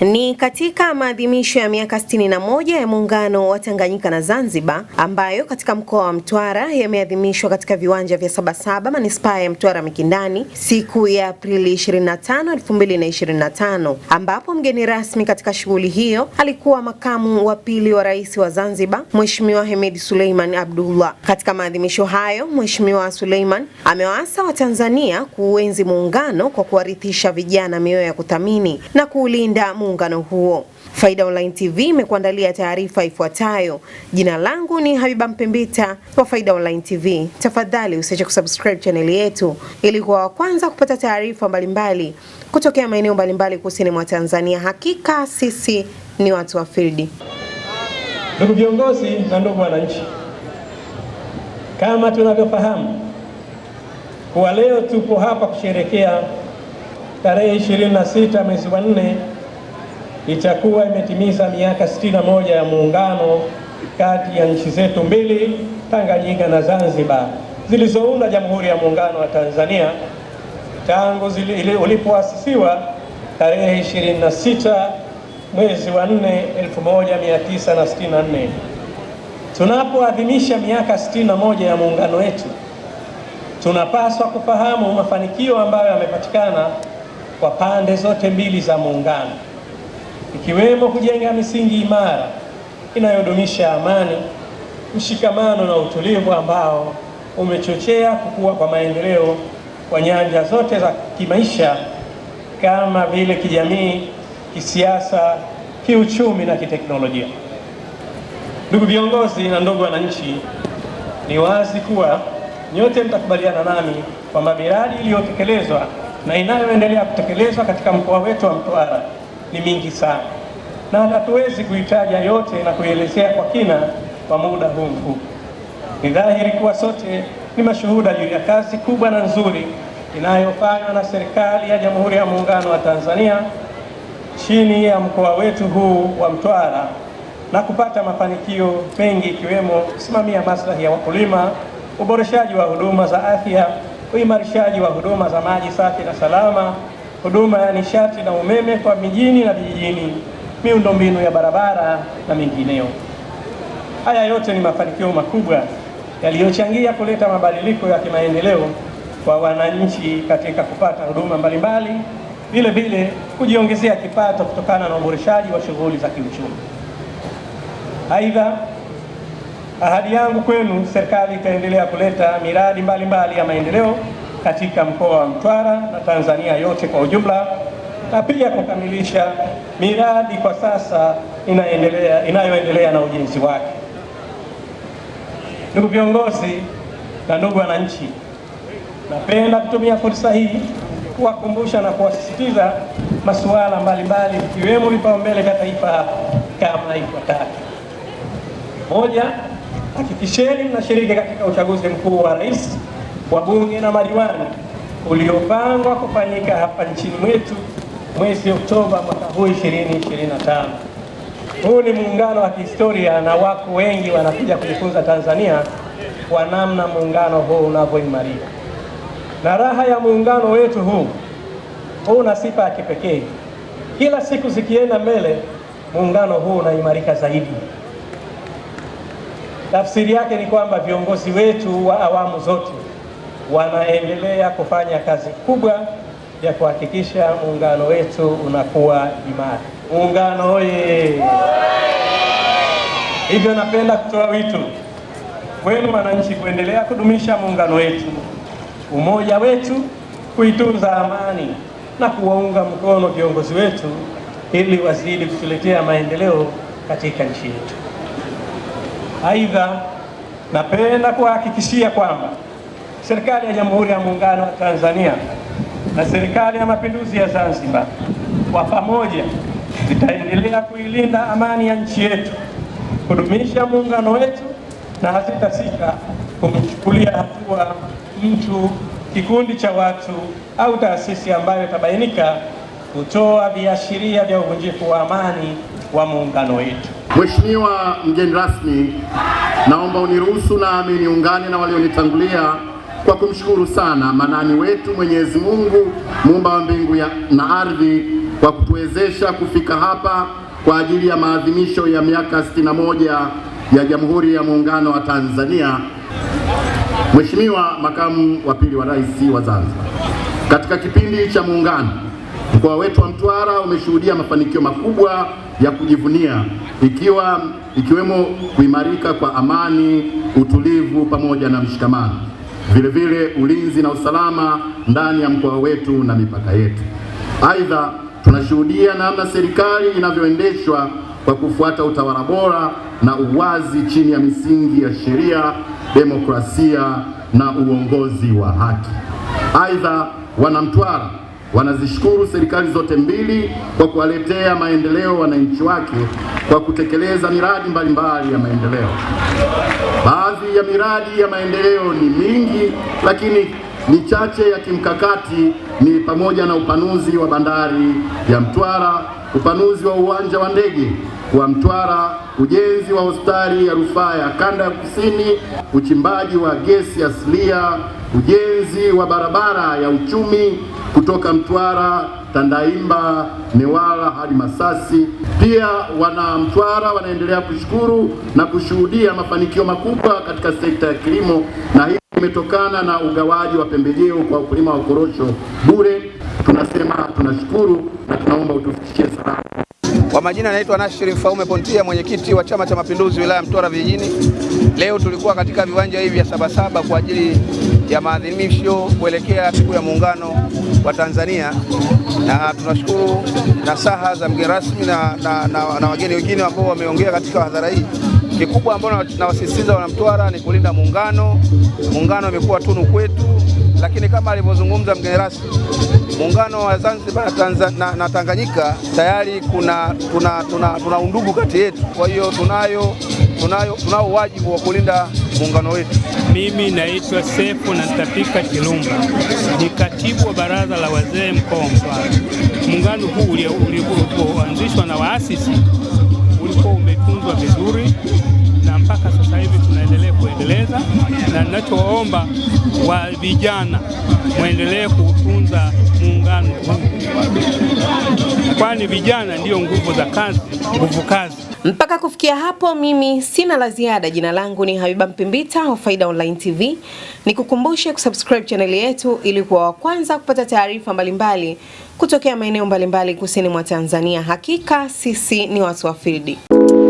Ni katika maadhimisho ya miaka sitini na moja ya muungano wa Tanganyika na Zanzibar ambayo katika mkoa wa Mtwara yameadhimishwa katika viwanja vya Sabasaba manispaa ya Mtwara Mikindani siku ya Aprili 25, 2025 ambapo mgeni rasmi katika shughuli hiyo alikuwa makamu wa pili wa rais wa Zanzibar Mheshimiwa Hemed Suleiman Abdullah. Katika maadhimisho hayo, Mheshimiwa Suleiman amewaasa Watanzania kuuenzi muungano kwa kuwarithisha vijana mioyo ya kuthamini na kuulinda muungano huo. Faida Online TV imekuandalia taarifa ifuatayo. Jina langu ni Habiba Mpembita wa Faida Online TV. Tafadhali usiache kusubscribe chaneli yetu ili kuwa wa kwanza kupata taarifa mbalimbali kutokea maeneo mbalimbali kusini mwa Tanzania. Hakika sisi ni watu wa field. Ndugu viongozi na ndugu wananchi, kama tunavyofahamu kuwa leo tupo hapa kusherekea tarehe 26 mwezi wa 4 itakuwa imetimiza miaka 61 ya muungano kati ya nchi zetu mbili Tanganyika na Zanzibar zilizounda Jamhuri ya Muungano wa Tanzania tangu ulipoasisiwa tarehe 26 mwezi wa 4 1964. Tunapoadhimisha miaka 61 ya muungano wetu, tunapaswa kufahamu mafanikio ambayo yamepatikana kwa pande zote mbili za muungano ikiwemo kujenga misingi imara inayodumisha amani, mshikamano na utulivu ambao umechochea kukua kwa maendeleo kwa nyanja zote za kimaisha kama vile kijamii, kisiasa, kiuchumi na kiteknolojia. Ndugu viongozi na ndugu wananchi, ni wazi kuwa nyote mtakubaliana nami kwamba miradi iliyotekelezwa na inayoendelea kutekelezwa katika mkoa wetu wa Mtwara ni mingi sana, na hatuwezi kuitaja yote na kuielezea kwa kina kwa muda huu mfupi. Ni dhahiri kuwa sote ni mashuhuda juu ya kazi kubwa na nzuri inayofanywa na serikali ya Jamhuri ya Muungano wa Tanzania chini ya mkoa wetu huu wa Mtwara na kupata mafanikio mengi ikiwemo kusimamia maslahi ya wakulima, uboreshaji wa huduma za afya, uimarishaji wa huduma za maji safi na salama huduma ya nishati na umeme kwa mijini na vijijini, miundombinu ya barabara na mengineo. Haya yote ni mafanikio makubwa yaliyochangia kuleta mabadiliko ya kimaendeleo kwa wananchi katika kupata huduma mbalimbali, vile vile kujiongezea kipato kutokana na uboreshaji wa shughuli za kiuchumi. Aidha, ahadi yangu kwenu, serikali itaendelea kuleta miradi mbalimbali mbali ya maendeleo katika mkoa wa Mtwara na Tanzania yote kwa ujumla, na pia kukamilisha miradi kwa sasa inaendelea inayoendelea na ujenzi wake. Ndugu viongozi na ndugu wananchi, napenda kutumia fursa hii kuwakumbusha na kuwasisitiza masuala mbalimbali ikiwemo vipaumbele vya taifa kama ifuatavyo: moja, hakikisheni mnashiriki katika uchaguzi mkuu wa rais wabunge na madiwani uliopangwa kufanyika hapa nchini mwetu mwezi Oktoba mwaka huu 2025. Huu ni muungano wa kihistoria na wako wengi wanakuja kujifunza Tanzania kwa namna muungano huu unavyoimarika, na raha ya muungano wetu huu huu una sifa ya kipekee. Kila siku zikienda mbele, muungano huu unaimarika zaidi. Tafsiri yake ni kwamba viongozi wetu wa awamu zote wanaendelea kufanya kazi kubwa ya kuhakikisha muungano wetu unakuwa imara. Muungano oye! Hivyo napenda kutoa wito kwenu wananchi, kuendelea kudumisha muungano wetu, umoja wetu, kuitunza amani na kuwaunga mkono viongozi wetu ili wazidi kutuletea maendeleo katika nchi yetu. Aidha, napenda kuhakikishia kwamba serikali ya Jamhuri ya Muungano wa Tanzania na serikali ya Mapinduzi ya Zanzibar kwa pamoja zitaendelea kuilinda amani ya nchi yetu, kudumisha muungano wetu na hazitasita kumchukulia hatua mtu, kikundi cha watu au taasisi ambayo itabainika kutoa viashiria vya uvunjifu wa amani wa muungano wetu. Mheshimiwa mgeni rasmi, naomba uniruhusu nami niungane na walionitangulia kwa kumshukuru sana manani wetu Mwenyezi Mungu muumba wa mbingu na ardhi kwa kutuwezesha kufika hapa kwa ajili ya maadhimisho ya miaka 61 ya Jamhuri ya Muungano wa Tanzania. Mheshimiwa Makamu wa Pili wa Rais wa Zanzibar, katika kipindi cha muungano mkoa wetu wa Mtwara umeshuhudia mafanikio makubwa ya kujivunia ikiwa ikiwemo kuimarika kwa amani, utulivu pamoja na mshikamano vile vile ulinzi na usalama ndani ya mkoa wetu na mipaka yetu. Aidha, tunashuhudia namna serikali inavyoendeshwa kwa kufuata utawala bora na uwazi chini ya misingi ya sheria, demokrasia na uongozi wa haki. Aidha, Wanamtwara wanazishukuru serikali zote mbili kwa kuwaletea maendeleo wananchi wake kwa kutekeleza miradi mbalimbali ya maendeleo. Baadhi ya miradi ya maendeleo ni mingi, lakini michache ya kimkakati ni pamoja na upanuzi wa bandari ya Mtwara, upanuzi wa uwanja wa ndege wa Mtwara, ujenzi wa hospitali ya rufaa ya kanda ya kusini, uchimbaji wa gesi asilia, ujenzi wa barabara ya uchumi kutoka Mtwara, Tandaimba, Newala hadi Masasi. Pia wana Mtwara wanaendelea kushukuru na kushuhudia mafanikio makubwa katika sekta ya kilimo, na hii imetokana na ugawaji wa pembejeo kwa ukulima wa korosho bure. Tunasema tunashukuru na tunaomba utufikishie salamu. Kwa majina naitwa Nashiri Mfaume Pontia, mwenyekiti wa Chama cha Mapinduzi wilaya Mtwara Vijijini. Leo tulikuwa katika viwanja hivi vya Sabasaba kwa ajili ya maadhimisho kuelekea siku ya muungano wa Tanzania, na tunashukuru nasaha za mgeni rasmi na, na, na, na wageni wengine ambao wameongea katika hadhara hii. Kikubwa ambao nawasisitiza wanamtwara ni kulinda muungano. Muungano imekuwa tunu kwetu, lakini kama alivyozungumza mgeni rasmi muungano wa Zanzibar na, na Tanganyika tayari kuna tuna, tuna, tuna undugu kati yetu, kwa hiyo tunayo tunao tunao wajibu wa kulinda muungano wetu. Mimi naitwa Sefu na Ntapika Chilumba, ni katibu wa baraza la wazee mkoa wa Mtwara. Muungano huu ulioanzishwa na waasisi ulikuwa umetunzwa vizuri kuendeleza, na ninachoomba wa vijana mwendelee kuutunza muungano huu, kwani vijana ndiyo nguvu za kazi, nguvu kazi. Mpaka kufikia hapo, mimi sina la ziada. Jina langu ni Habiba Mpimbita wa Faida Online TV. Nikukumbushe kusubscribe chaneli yetu ili kuwa wa kwanza kupata taarifa mbalimbali kutokea maeneo mbalimbali kusini mwa Tanzania. Hakika sisi ni watu wa field.